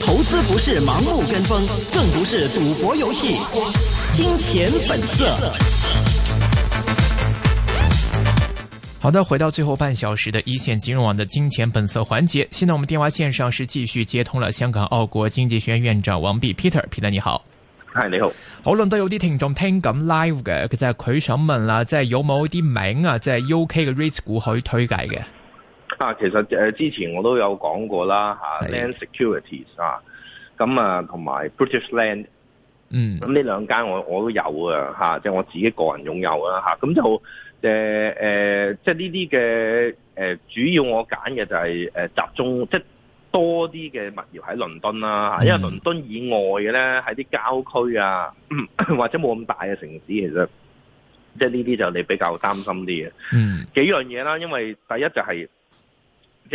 投資不是盲目跟風，更不是賭博遊戲。金錢本色。好的，回到最後半小時的一線金融網的“金錢本色”環節。現在我們電話線上是繼續接通了香港澳國經濟學院院長王弼 Peter，Peter 你好，嗨你好。好，有啲聽眾聽緊 live 嘅？係佢想問啦，即係有冇啲名啊？即係 UK 嘅 r 股可以推介嘅？啊，其實誒之前我都有講過啦，吓 Land Securities 啊，咁啊同埋 British Land，嗯，咁呢兩間我我都有啊吓，即係我自己個人擁有啦吓，咁、啊、就誒誒即係呢啲嘅誒主要我揀嘅就係誒集中即係多啲嘅物業喺倫敦啦吓，啊，因為倫敦以外嘅咧喺啲郊區啊或者冇咁大嘅城市，其實即係呢啲就你比較擔心啲嘅，嗯，幾樣嘢啦，因為第一就係、是。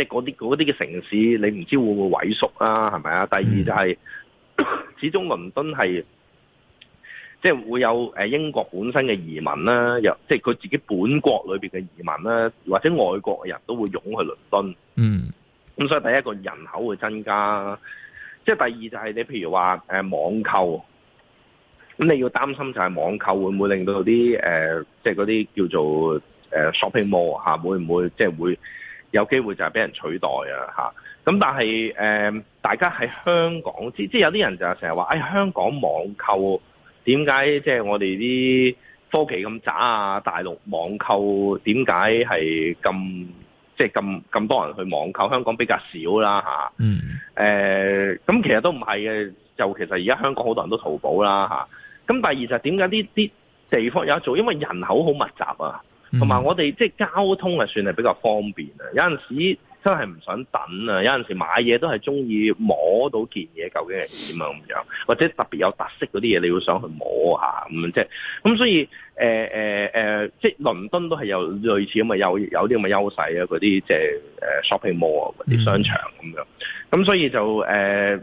即係嗰啲嗰啲嘅城市，你唔知會唔會萎縮啊？係咪啊？第二就係、是，嗯、始終倫敦係即係會有誒英國本身嘅移民啦，又即係佢自己本國裏邊嘅移民啦，或者外國人都會湧去倫敦。嗯，咁所以第一個人口會增加，即係第二就係你譬如話誒網購，咁你要擔心就係網購會唔會令到啲誒、呃，即係嗰啲叫做誒、呃、shopping mall 嚇、啊、會唔會即係會？有機會就係俾人取代啊！嚇，咁但係誒，大家喺香港，即即有啲人就係成日話，誒、哎、香港網購點解即係我哋啲科技咁渣啊？大陸網購點解係咁即係咁咁多人去網購？香港比較少啦嚇。啊、嗯、呃。誒，咁其實都唔係嘅，就其實而家香港好多人都淘寶啦嚇。咁、啊、第二就係點解啲啲地方有得做？因為人口好密集啊。同埋我哋即係交通啊，算係比較方便啊！有陣時真係唔想等啊，有陣時買嘢都係中意摸到件嘢究竟係點啊咁樣，或者特別有特色嗰啲嘢，你要想去摸下咁、嗯、即係。咁所以誒誒誒，即係倫敦都係有類似咁嘅優有啲咁嘅優勢啊，嗰啲即係誒 shopping mall 嗰啲商場咁樣。咁、嗯、所以就誒誒、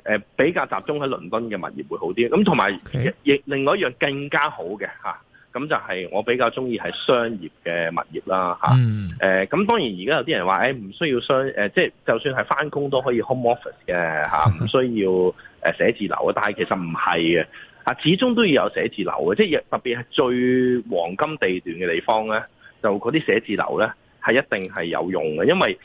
呃、比較集中喺倫敦嘅物業會好啲。咁同埋亦另外一樣更加好嘅嚇。咁就係我比較中意係商業嘅物業啦，嚇、嗯。咁、誒、當然而家有啲人話，唔、誒、需要商，即係就算係翻工都可以 home office 嘅嚇，唔需要誒寫字樓啊。但係其實唔係嘅，啊，始終都要有寫字樓嘅，即係特別係最黃金地段嘅地方咧，就嗰啲寫字樓咧係一定係有用嘅，因為。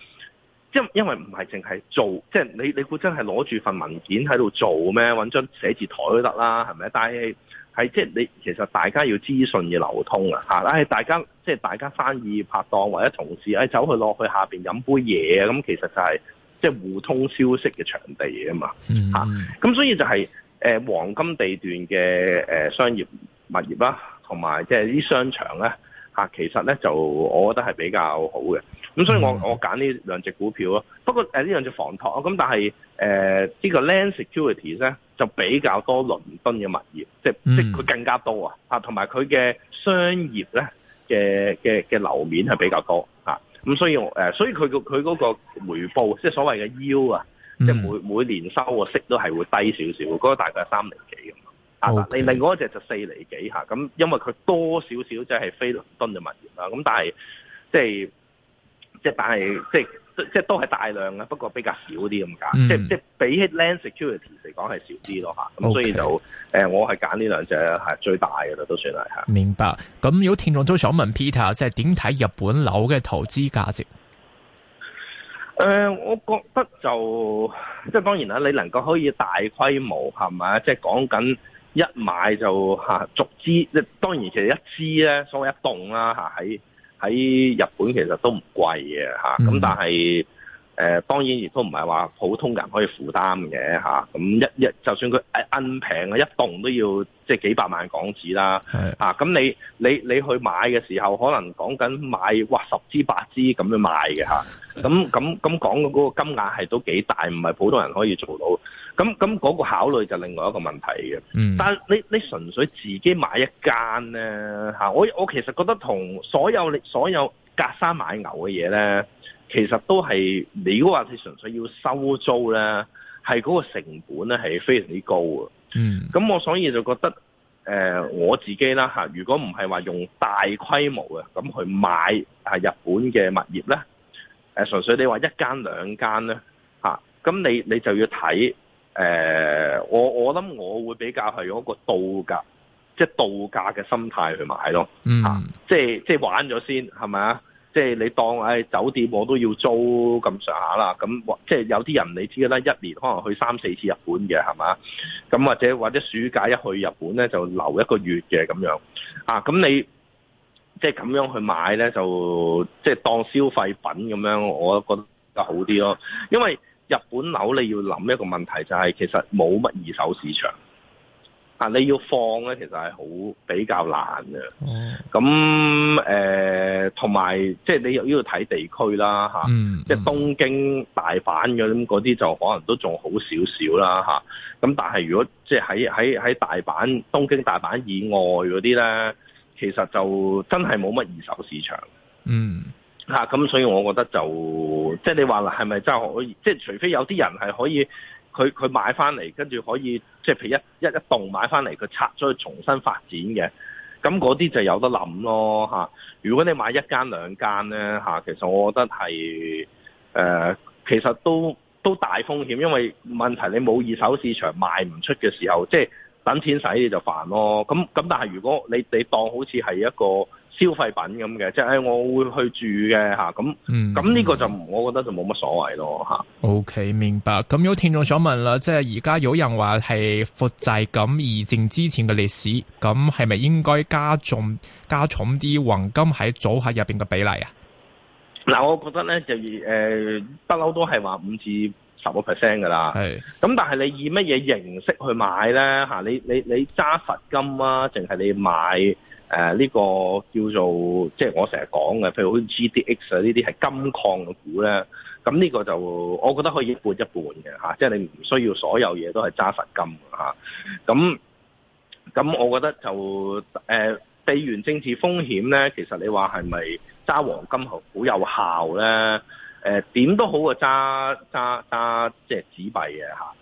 因因為唔係淨係做，即係你你估真係攞住份文件喺度做咩？搵張寫字枱都得啦，係咪？但係係即係你其實大家要資訊要流通啊嚇！誒，大家即係大家生意拍檔或者同事誒、哎，走去落去下邊飲杯嘢啊，咁其實就係、係、即係互通消息嘅場地嘛、mm hmm. 啊嘛嚇！咁所以就係誒黃金地段嘅誒商業物業啦，同埋即係啲商場咧嚇，其實咧就我覺得係比較好嘅。咁、嗯、所以我我揀呢兩隻股票咯，不過呢兩隻房託，咁但係、呃這個、呢個 Land Securities 咧就比較多倫敦嘅物業，即係即佢更加多啊，同埋佢嘅商業咧嘅嘅嘅樓面係比較多啊，咁所以誒，所以佢個佢嗰個回報，即係所謂嘅 Yield 啊，即係每每年收個息都係會低少少，嗰個大概三厘幾咁啊，你 Okay. 另外一隻就四厘幾嚇，咁、啊、因為佢多少少即係非倫敦嘅物業啦，咁、嗯、但係即係。即係，但係即係即係都係大量嘅，不過比較少啲咁解。即係即係比起 land security 嚟講係少啲咯吓，咁 Okay, 所以就誒、呃，我係揀呢兩隻係最大嘅啦，都算係嚇。明白。咁如果聽眾都想問 Peter，即係點睇日本樓嘅投資價值？誒、呃，我覺得就即係當然啦。你能夠可以大規模係咪？即係講緊一買就嚇、啊、逐支，即係當然，其實一支咧，所謂一棟啦嚇喺。啊喺日本其實都唔貴嘅嚇，咁、嗯、但係誒、呃、當然亦都唔係話普通人可以負擔嘅嚇，咁、啊、一一就算佢摁平啊一棟都要即係幾百萬港紙啦，嚇咁是的、啊、你你你去買嘅時候，可能講緊買哇十支八支咁樣買嘅嚇，咁咁咁講嗰個金額係都幾大，唔係普通人可以做到。咁咁嗰個考慮就另外一個問題嘅。嗯、但你你純粹自己買一間咧嚇，我我其實覺得同所有你所有隔山買牛嘅嘢咧，其實都係你如果話你純粹要收租咧，係嗰個成本咧係非常之高嘅。咁、嗯、我所以就覺得誒、呃，我自己啦嚇，如果唔係話用大規模嘅咁去買係日本嘅物業咧，誒純粹你話一間兩間咧嚇，咁、啊、你你就要睇。誒、呃，我我諗我會比較係用一個度假，即係度假嘅心態去買咯，嗯，吓，即係即係玩咗先，係咪啊？即係你當、哎、酒店我都要租咁上下啦，咁即係有啲人你知嘅啦，一年可能去三四次日本嘅，係咪啊？咁或者或者暑假一去日本咧就留一個月嘅咁樣，啊，咁你即係咁樣去買咧就即係當消費品咁樣，我覺得好啲咯，因為。日本樓你要諗一個問題就係、是、其實冇乜二手市場，但你要放呢，其實係好比較難嘅。咁誒同埋即係你又要睇地區啦，mm hmm. 即係東京大阪咁嗰啲就可能都仲好少少啦。咁但係如果即係喺喺喺大阪東京大阪以外嗰啲呢，其實就真係冇乜二手市場。嗯、mm。Hmm. 咁，啊、所以我覺得就即係、就是、你話啦，係咪真係可以？即、就、係、是、除非有啲人係可以，佢佢買翻嚟，跟住可以即係譬如一一一棟買翻嚟，佢拆咗去重新發展嘅。咁嗰啲就有得諗咯吓、啊，如果你買一間兩間咧吓，其實我覺得係誒、呃，其實都都大風險，因為問題你冇二手市場賣唔出嘅時候，即、就、係、是、等錢使你就煩咯。咁、啊、咁，但係如果你你當好似係一個。消費品咁嘅，即係我會去住嘅吓，咁咁呢個就我覺得就冇乜所謂咯吓。OK 明白。咁有聽眾想問啦，即係而家有人話係複製咁二戰之前嘅歷史，咁係咪應該加重加重啲黃金喺組合入邊嘅比例啊？嗱，我覺得咧就誒不嬲都係話五至十個 percent 噶啦。係咁，是但係你以乜嘢形式去買咧吓？你你你揸實金啊，定係你買？誒呢、啊呢個叫做即係我成日講嘅，譬如好似 GDX 啊呢啲係金礦嘅股咧，咁呢個就我覺得可以一半一半嘅嚇，即係你唔需要所有嘢都係揸實金嘅嚇。咁咁我覺得就誒、呃、地緣政治風險咧，其實你話係咪揸黃金好有效咧？誒、呃、點都好過揸揸揸即係紙幣嘅嚇、啊，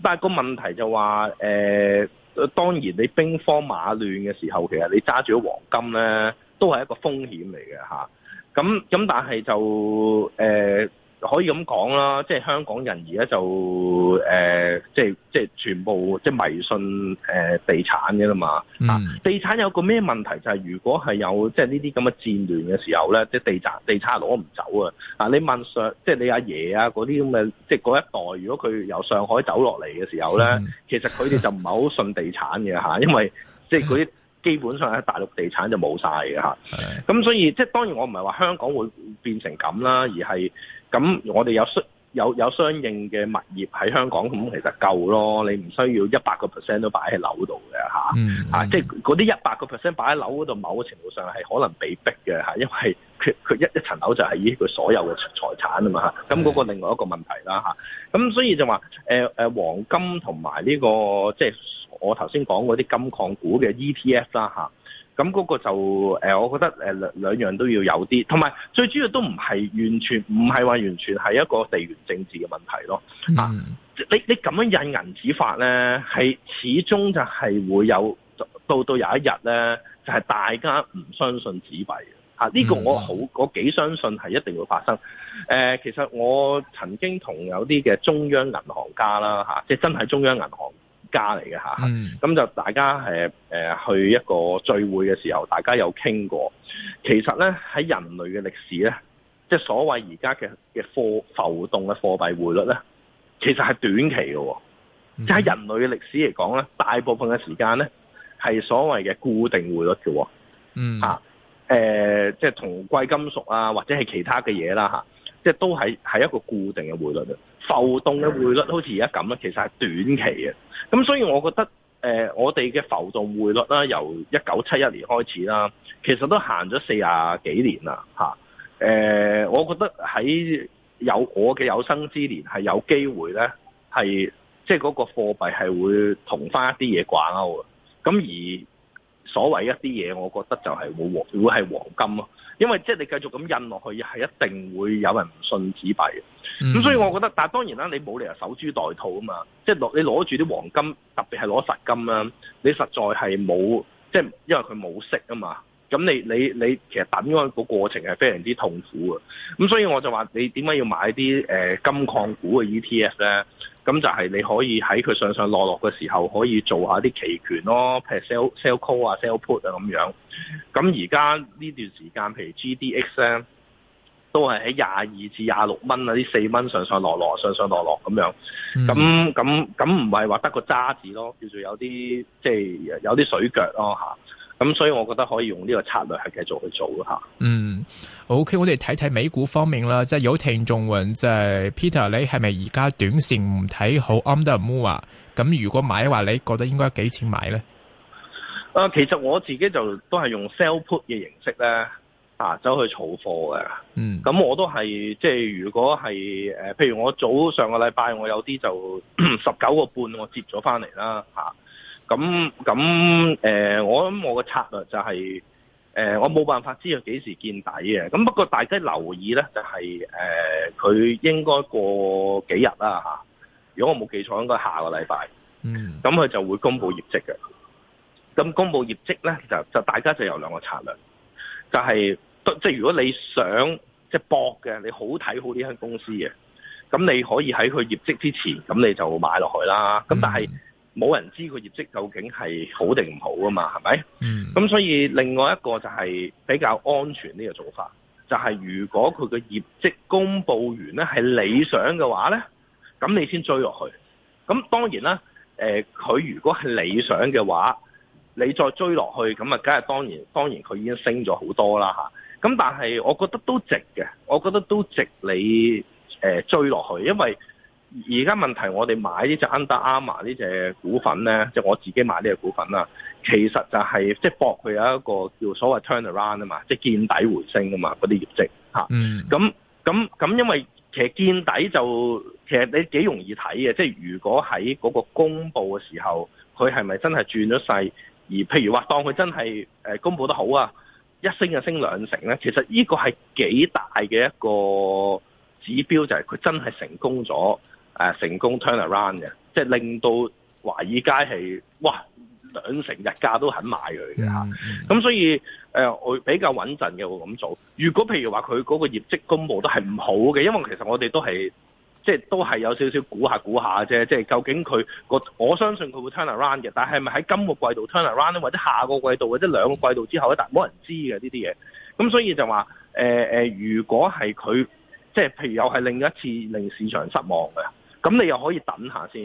但係個問題就話誒。呃當然，你兵荒馬亂嘅時候，其實你揸住咗黃金咧，都係一個風險嚟嘅吓，咁咁，但係就誒。呃可以咁講啦，即係香港人而家就、呃、即係即係全部即係迷信誒、呃、地產嘅啦嘛、啊。地產有個咩問題就係、是，如果係有即係呢啲咁嘅戰亂嘅時候咧，即係地，地產地產攞唔走啊！啊，你問上即係你阿爺，爺啊嗰啲咁嘅，即係嗰一代，如果佢由上海走落嚟嘅時候咧，嗯、其實佢哋就唔係好信地產嘅、啊、因為即係嗰啲基本上喺 大陸地產就冇曬嘅嚇。係。咁所以即係當然我唔係話香港會變成咁啦，而係。咁我哋有相有有相應嘅物業喺香港，咁其實夠咯。你唔需要一百個 percent 都擺喺樓度嘅吓，啊，即係嗰啲一百個 percent 擺喺樓嗰度，某個程度上係可能被逼嘅吓，因為佢佢一一層樓就係以佢所有嘅財產啊嘛吓，咁嗰個另外一個問題啦吓，咁、啊、所以就話、呃呃、黃金同埋呢個即係我頭先講嗰啲金礦股嘅 ETF 啦、啊咁嗰個就、呃、我覺得、呃、兩,兩樣都要有啲，同埋最主要都唔係完全，唔係話完全係一個地緣政治嘅問題咯。嗯、啊，你你咁樣印銀紙法咧，係始終就係會有到到有一日咧，就係、係、大家唔相信紙幣呢、啊呢個我好我幾相信係一定會發生。啊、其實我曾經同有啲嘅中央銀行家啦、啊、即係真係中央銀行家。家嚟嘅嚇，咁、嗯、就大家誒誒、呃、去一個聚會嘅時候，大家有傾過。其實咧，喺人類嘅歷史咧，即係所謂而家嘅嘅貨浮動嘅貨幣匯率咧，其實係短期嘅、哦。即係喺人類嘅歷史嚟講咧，大部分嘅時間咧係所謂嘅固定匯率嘅、哦。嗯，嚇誒、啊呃，即係同貴金屬啊，或者係其他嘅嘢啦嚇。即係都係係一個固定嘅匯率，浮動嘅匯率好似而家咁咧，其實係短期嘅。咁所以我覺得，誒、呃，我哋嘅浮動匯率啦，由一九七一年開始啦，其實都行咗四十幾年啦，嚇、啊。誒、呃，我覺得喺有我嘅有生之年係有機會咧，係即係嗰個貨幣係會同翻一啲嘢掛鈎嘅。咁而所謂一啲嘢，我覺得就係會黃，會係黃金咯。因為即係你繼續咁印落去，係一定會有人唔信紙幣嘅。咁所以我覺得，但係當然啦，你冇理由守株待兔啊嘛。即係攞你攞住啲黃金，特別係攞實金啦，你實在係冇即係，因為佢冇息啊嘛。咁你你你其實等嗰個過程係非常之痛苦嘅，咁所以我就話你點解要買啲、呃、金礦股嘅 ETF 咧？咁就係你可以喺佢上上落落嘅時候，可以做下啲期權咯，譬如 sell sell call 啊，sell put 啊咁樣。咁而家呢段時間，譬如 GDX 咧，都係喺廿二至廿六蚊啊，啲四蚊上上落落，上上落落咁樣。咁咁咁唔係話得個渣字咯，叫做有啲即係有啲水腳咯嚇。咁、嗯、所以我覺得可以用呢個策略係繼續去做吓、啊。嗯，OK，我哋睇睇美股方面啦，即係有聽眾問，即係 Peter，你係咪而家短線唔睇好 Amazon 啊？咁如果買嘅話，你覺得應該幾錢買咧？其實我自己就都係用 sell put 嘅形式咧，啊，走去儲貨嘅。嗯、啊，咁我，、啊啊嗯、我都係即係如果係誒、呃，譬如我早上個禮拜我有啲就十九個半， 我接咗翻嚟啦，吓、啊。咁咁誒，我諗我個策略就係、是、誒、呃，我冇辦法知佢幾時見底嘅。咁不過大家留意咧，就係、是、誒，佢、呃、應該過幾日啦、啊、如果我冇記錯，應該下個禮拜。嗯，咁佢就會公布業績嘅。咁公布業績咧，就就大家就有兩個策略，就係、是、即係如果你想即係博嘅，你好睇好呢間公司嘅，咁你可以喺佢業績之前，咁你就買落去啦。咁但係冇人知佢業績究竟係好定唔好啊嘛，係咪？嗯。咁所以另外一個就係比較安全呢個做法，就係、是、如果佢個業績公佈完咧係理想嘅話咧，咁你先追落去。咁當然啦，誒、呃，佢如果係理想嘅話，你再追落去，咁啊，梗係當然，當然佢已經升咗好多啦吓，咁、啊、但係我覺得都值嘅，我覺得都值你誒、呃、追落去，因為。而家問題，我哋買呢隻 Under Armour 呢隻股份咧，即係我自己買呢隻股份啦。其實就係即係博佢有一個叫所謂 turnaround 啊嘛，即係見底回升啊嘛，嗰啲業績嚇。咁咁咁，因為其實見底就其實你幾容易睇嘅，即係如果喺嗰個公佈嘅時候，佢係咪真係轉咗勢？而譬如話當佢真係誒公佈得好啊，一升就升兩成咧，其實呢個係幾大嘅一個指標，就係佢真係成功咗。成功 turnaround 嘅，即係令到華爾街係哇兩成日價都肯買佢嘅吓，咁所以、呃、我比較穩陣嘅會咁做。如果譬如話佢嗰個業績公佈都係唔好嘅，因為其實我哋都係即係都係有少少估下估下啫，即係究竟佢個我相信佢會 turnaround 嘅，但係咪喺今個季度 turnaround 咧，或者下個季度或者兩個季度之後咧，但係冇人知嘅呢啲嘢。咁所以就話、呃、如果係佢即係譬如又係另一次令市場失望嘅。咁你又可以等下先，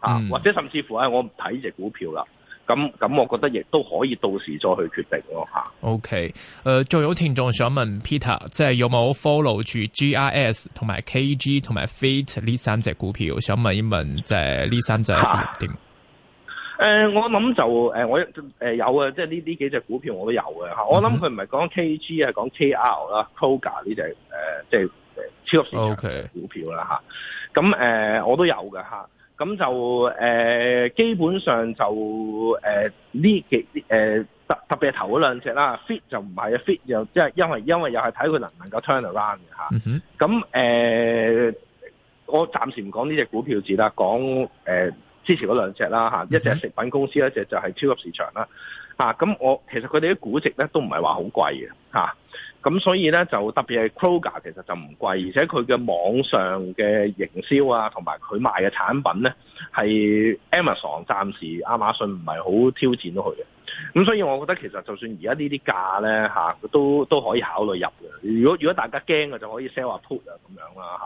啊、嗯，或者甚至乎我唔睇隻股票啦。咁咁，我覺得亦都可以到時再去決定咯，吓、okay, 呃。O K.，誒，仲有聽眾想問 Peter，即係有冇 follow 住 G R S 同埋 K G 同埋 Fit 呢三隻股票？想問一問，即係呢三隻點？誒樣、呃，我諗就誒，我誒、呃、有啊，即係呢呢幾隻股票我都有嘅吓。嗯、哼我諗佢唔係講 K G，係講 K R 啦 Kroger 呢隻誒，即係誒超級市場股票啦吓。Okay. 啊咁誒、呃，我都有嘅咁、啊、就誒、呃，基本上就誒呢、呃、幾、呃、特特別係頭嗰兩隻啦。Fit 就唔係啊，Fit 又即係因為因為又係睇佢能唔能夠 turn around 嘅咁誒，我暫時唔講呢隻股票字啦，講誒、呃、之前嗰兩隻啦，一隻食品公司，一隻就係超級市場啦。咁、啊、我其實佢哋啲估值咧都唔係話好貴嘅。咁所以咧就特別係 Kroger 其實就唔貴，而且佢嘅網上嘅營銷啊，同埋佢賣嘅產品咧係 Amazon 暫時亞馬遜唔係好挑戰到佢嘅。咁所以我覺得其實就算而家呢啲價咧嚇都都可以考慮入嘅。如果如果大家驚嘅就可以 sell o put 啊，咁樣啦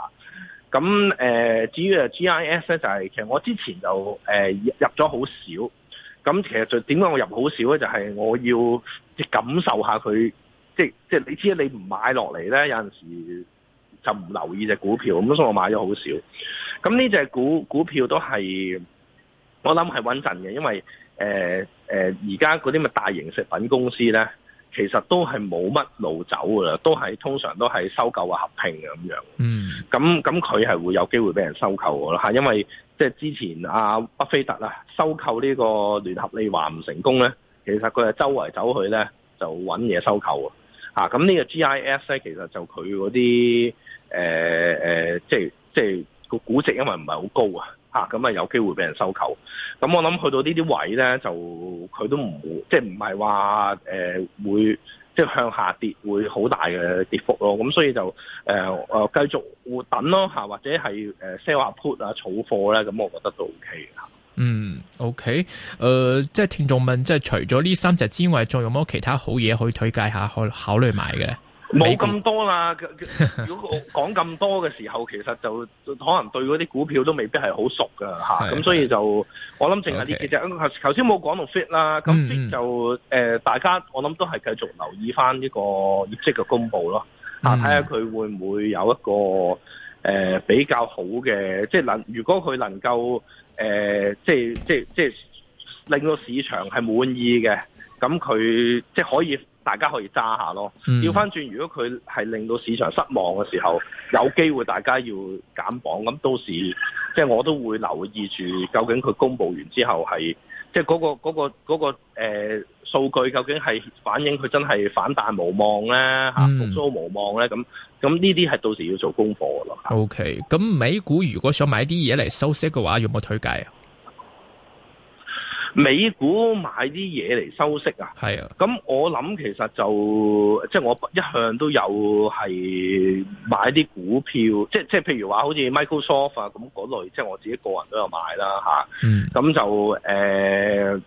嚇，咁、呃、至於 G I S 咧就係、是、其實我之前就、呃、入咗好少。咁其實就點解我入好少咧？就係、是、我要感受下佢。即係即係你知啦，你唔買落嚟咧，有陣時就唔留意隻股票。咁所以我買咗好少。咁呢隻股股票都係我諗係穩陣嘅，因為誒誒而家嗰啲咪大型食品公司咧，其實都係冇乜路走㗎啦，都係通常都係收購啊合併嘅咁樣。嗯。咁咁佢係會有機會俾人收購㗎啦嚇，因為即係之前阿、啊、巴菲特啊收購呢個聯合利華唔成功咧，其實佢係周圍走去咧就揾嘢收購。嗱，咁呢、啊、個 G I S 咧，其實就佢嗰啲誒即係即係個估值，因為唔係好高啊，咁啊有機會俾人收購。咁我諗去到呢啲位咧，就佢都唔會即係唔係話誒會即係向下跌，會好大嘅跌幅咯。咁所以就誒、呃呃、繼續等咯、啊，或者係 sell 下 put 啊，儲貨咧，咁我覺得都 OK 嘅。嗯，OK，誒、呃，即係聽眾問，即係除咗呢三隻之外，仲有冇其他好嘢可以推介一下，去考、考慮買嘅？冇咁多啦， 如果講咁多嘅時候，其實就可能對嗰啲股票都未必係好熟㗎嚇，咁的、啊、所以就的我諗淨係呢幾隻。頭先冇講到 Fit 啦，咁 f、嗯、就誒，呃嗯、大家我諗都係繼續留意返呢個業績嘅公佈咯，嚇睇下佢會唔會有一個。誒、呃、比較好嘅，即係能如果佢能夠誒、呃，即係即係即係令到市場係滿意嘅，咁佢即係可以大家可以揸下咯。調返轉，如果佢係令到市場失望嘅時候，有機會大家要減磅。咁到時即係我都會留意住，究竟佢公佈完之後係。即係嗰個、嗰個、嗰個、呃、數據，究竟係反映佢真係反彈無望咧嚇，復甦、嗯、無望咧？咁咁呢啲係到時要做功課嘅咯。OK，咁美股如果想買啲嘢嚟收息嘅話，有冇推介啊？美股買啲嘢嚟收息啊，係啊，咁我諗其實就即係我一向都有係買啲股票，即即係譬如話好似 Microsoft 啊咁嗰類，即係我自己個人都有買啦吓，咁、啊嗯、就誒、呃、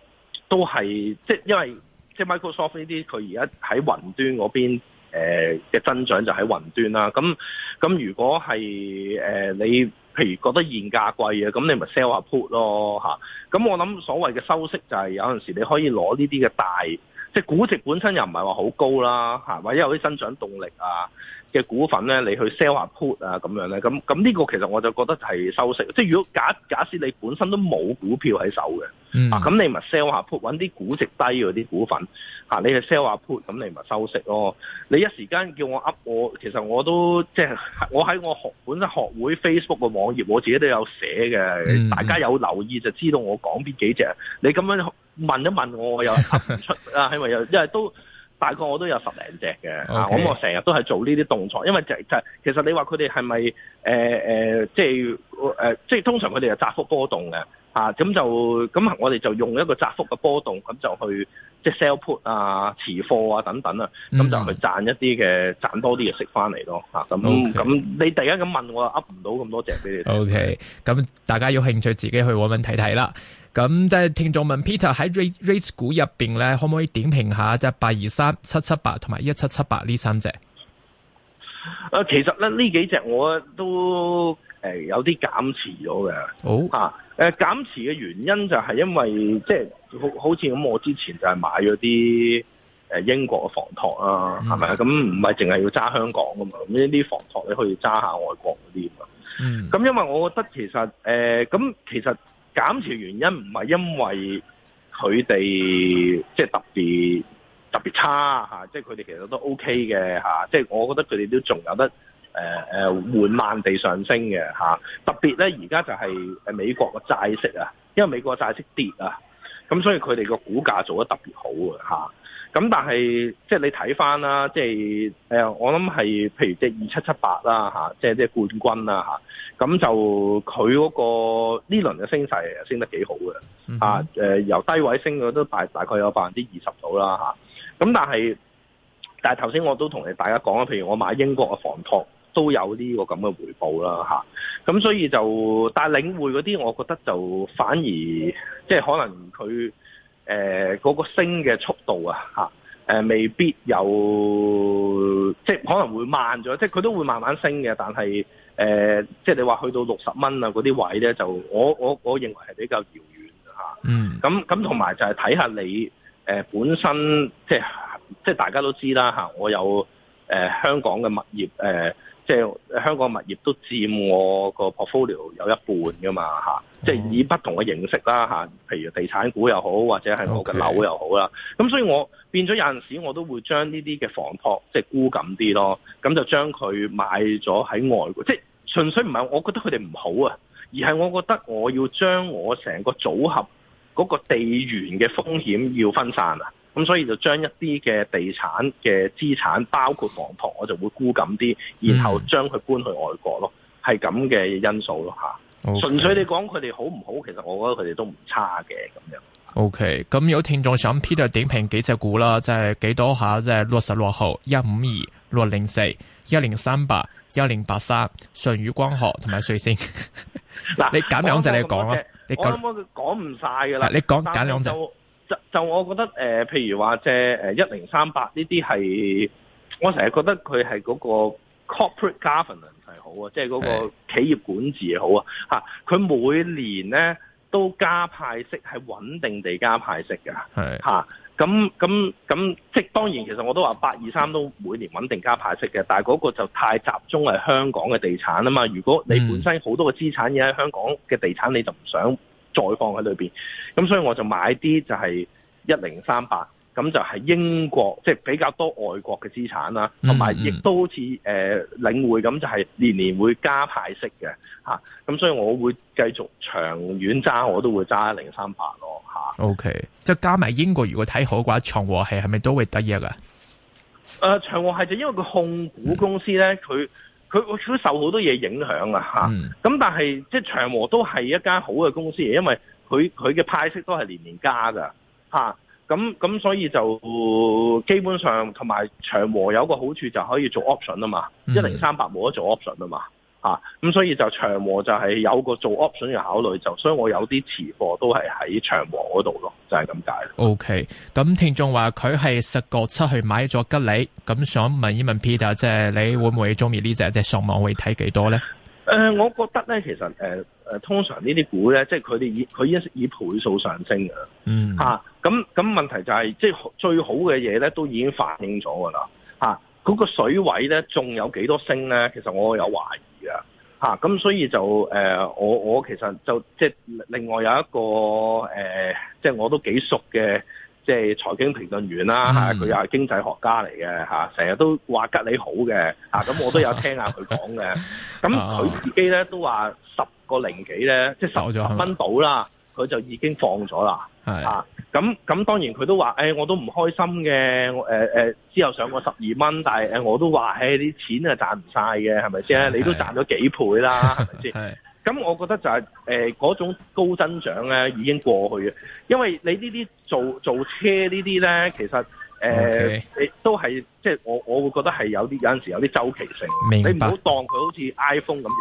都係即係因為即係 Microsoft 呢啲，佢而家喺雲端嗰邊嘅、呃、增長就喺雲端啦。咁咁如果係誒、呃、你。譬如覺得現價貴咁你咪 sell 下 put 咯，嚇，咁我諗所謂嘅收息就係有陣時你可以攞呢啲嘅大，即係估值本身又唔係話好高啦，嚇，或者有啲增長動力啊。嘅股份咧，你去 sell 下 put 啊，咁樣咧，咁咁呢個其實我就覺得係收息。即係如果假假使你本身都冇股票喺手嘅，啊，咁你咪 sell 下 put，搵啲估值低嗰啲股份，吓，你去 sell 下 put，咁你咪收息咯。你一時間叫我 up，我其實我都即係、就是、我喺我學本身學會 Facebook 嘅網頁，我自己都有寫嘅，嗯、大家有留意就知道我講邊幾隻。你咁樣問一問我，我又答唔出 啊，係咪？又因為都。大概我都有十零隻嘅，咁 Okay 我成日都係做呢啲動作，因為就就係、其實你話佢哋係咪誒即係誒，即係、呃、通常佢哋係窄幅波動嘅，咁、啊、就咁我哋就用一個窄幅嘅波動，咁、啊、就去即係 sell put 啊、持貨啊等等啊，咁就去賺一啲嘅、嗯啊、賺多啲嘅息翻嚟咯，咁、啊、咁 Okay、嗯、你突然間咁問我，噏唔到咁多隻俾你。O K，咁大家有興趣自己去揾問睇睇啦。咁即係聽眾問 Peter 喺 rate rate 股入邊咧，可唔可以點評下23？即係八二三、七七八同埋一七七八呢三隻？誒，其實咧，呢幾隻我都誒有啲減持咗嘅。好啊、哦，誒，減持嘅原因就係因為即係、就是、好好似咁，我之前就係買咗啲誒英國嘅房託啊，係咪啊？咁唔係淨係要揸香港噶嘛？咁呢啲房託你可以揸下外國嗰啲嘛？嗯。咁因為我覺得其實誒咁、呃、其實。減持原因唔係因為佢哋即係特別特別差嚇，即係佢哋其實都 OK 嘅嚇，即、啊、係、就是、我覺得佢哋都仲有得誒誒、呃、緩慢地上升嘅嚇、啊。特別咧，而家就係誒美國嘅債息啊，因為美國嘅債息跌啊，咁所以佢哋個股價做得特別好啊嚇。咁但係即係你睇翻啦，即係、呃、我諗係譬如即係二七七八啦、啊、即係即係冠軍啦咁、啊、就佢嗰、嗰個呢輪嘅升勢升得幾好嘅、啊呃、由低位升咗都大大概有百分之二十到啦咁、啊、但係但係頭先我都同大家講啦，譬如我買英國嘅房託都有呢個咁嘅回報啦咁、啊、所以就但係領匯嗰啲，我覺得就反而即係可能佢。誒嗰、呃那個升嘅速度啊，嚇、啊、誒未必有，即係可能會慢咗，即係佢都會慢慢升嘅，但係誒、呃，即係你話去到六十蚊啊嗰啲位咧，就我我我認為係比較遙遠嚇。啊、嗯，咁咁同埋就係睇下你誒、呃、本身，即係即係大家都知啦嚇、啊，我有誒、呃、香港嘅物業誒。呃即係香港物業都佔我個 portfolio 有一半噶嘛吓，即係以不同嘅形式啦吓，譬如地產股又好，或者係我嘅樓又好啦。咁 Okay. 所以我變咗有陣時我都會將呢啲嘅房託即係沽緊啲咯，咁就將佢買咗喺外國，即係純粹唔係我覺得佢哋唔好啊，而係我覺得我要將我成個組合嗰個地緣嘅風險要分散啊。咁、嗯、所以就將一啲嘅地產嘅資產，包括房託，我就會沽緊啲，然後將佢搬去外國咯，係咁嘅因素咯吓。純 Okay, 粹你講佢哋好唔好，其實我覺得佢哋都唔差嘅咁樣。O K，咁有聽眾想 Peter 點評幾隻股啦，即、就、係、是、幾多下，即係六十六號、一五二、六零四、一零三八、一零八三、順宇光學同埋瑞星。嗱，你揀兩隻你講啦，你講講唔晒噶啦，你講揀兩隻。就，就我覺得誒、呃，譬如話借誒一零三八呢啲係，我成日覺得佢係嗰個 corporate governance 係好啊，即係嗰個企業管治好啊嚇佢是的 每年咧都加派息，係穩定地加派息嘅嚇。咁咁咁，即係當然，其實我都話八二三都每年穩定加派息嘅，但係嗰個就太集中係香港嘅地產啊嘛。如果你本身好多個資產已喺香港嘅地產，你就唔想，再放喺裏邊，咁所以我就買啲就係一零三八，咁就係英國，即、就、係、是、比較多外國嘅資產啦，同埋亦都好似誒、呃、領匯咁，就係年年會加派息嘅嚇，咁、啊、所以我會繼續長遠揸，我都會揸一零三八咯嚇。O K，即係加埋英國，如果睇好嘅話，長和系係咪都會得益啊？誒、呃，長和系就是因為佢控股公司咧，佢、嗯。它佢佢受好多嘢影響啊吓，咁但係即長和都係一間好嘅公司，因為佢佢嘅派息都係年年加噶吓，咁咁所以就基本上，同埋長和有個好處，就可以做 option 啊嘛，一零三八冇得做 option 啊嘛。啊，咁所以就長和就係有個做 option 嘅考慮，就所以我有啲持貨都係喺長和嗰度咯，就係咁解。OK，咁聽眾話佢係實國出去買咗吉利，咁想問一問 Peter，即係你會唔會中意呢隻？即係上網會睇幾多咧？誒、呃，我覺得咧，其實誒、呃呃、通常呢啲股咧，即係佢哋以佢以以倍數上升㗎。嗯，咁咁、啊、問題就係、是，即係最好嘅嘢咧，都已經反映咗㗎啦，嗰、啊嗰個水位咧，仲有幾多升咧？其實我有懷疑。咁、啊、所以就誒、呃，我我其實就即係另外有一個誒、呃，即係我都幾熟嘅，即係財經評論員啦，佢又係經濟學家嚟嘅，成日都話吉利好嘅，咁、啊、我都有聽下佢講嘅。咁佢 自己咧都話十個零幾咧， 即係十蚊到啦。佢就已經放咗啦，是的 啊，咁咁當然佢都話、欸，我都唔開心嘅、呃呃，之後上過十二蚊，但係、呃、我都話，誒、欸，啲錢係賺唔晒嘅，係咪先？是的 你都賺咗幾倍啦，係咪先？咁我覺得就係、是、嗰、呃、種高增長咧已經過去嘅，因為你呢啲做做車呢啲咧，其實誒你、呃、Okay 都係即係我我會覺得係有啲有陣時有啲周期性，明白 你唔好當佢好似 iPhone 咁樣。